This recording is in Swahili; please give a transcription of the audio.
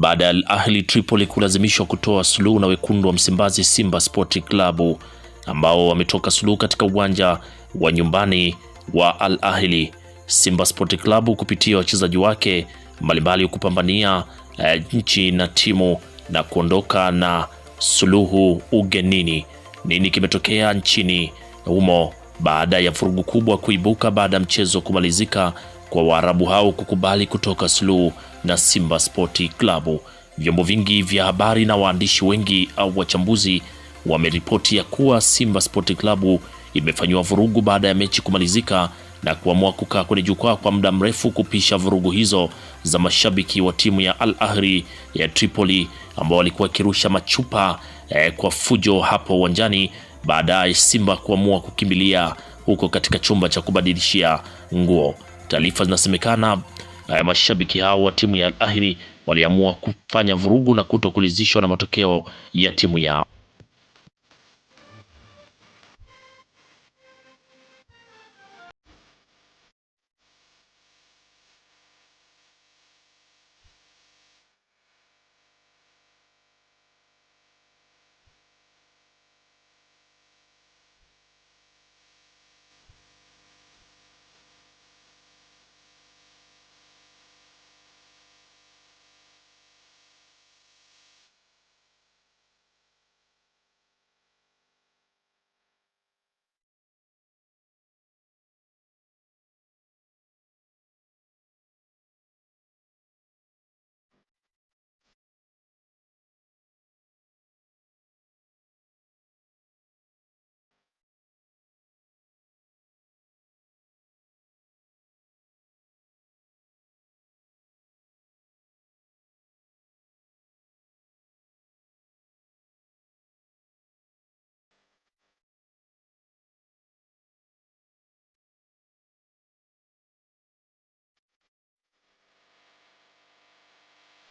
baada ya Ahli Tripoli kulazimishwa kutoa suluhu na wekundu wa Msimbazi Simba Sport Club ambao wametoka suluhu katika uwanja wa nyumbani wa Al Ahli. Simba Sport Club kupitia wachezaji wake mbalimbali kupambania eh, nchi na timu na kuondoka na suluhu ugenini. Nini kimetokea nchini humo baada ya vurugu kubwa kuibuka baada ya mchezo kumalizika kwa Waarabu hao kukubali kutoka Slu na Simba Sporti Klabu. Vyombo vingi vya habari na waandishi wengi au wachambuzi wameripoti ya kuwa Simba Sporti Klabu imefanyiwa vurugu baada ya mechi kumalizika na kuamua kukaa kwenye jukwaa kwa muda mrefu kupisha vurugu hizo za mashabiki wa timu ya Al Ahli ya Tripoli ambao walikuwa wakirusha machupa eh, kwa fujo hapo uwanjani, baadaye Simba kuamua kukimbilia huko katika chumba cha kubadilishia nguo. Taarifa zinasemekana eh, mashabiki hao wa timu ya Al Ahli waliamua kufanya vurugu na kutokulizishwa na matokeo ya timu yao.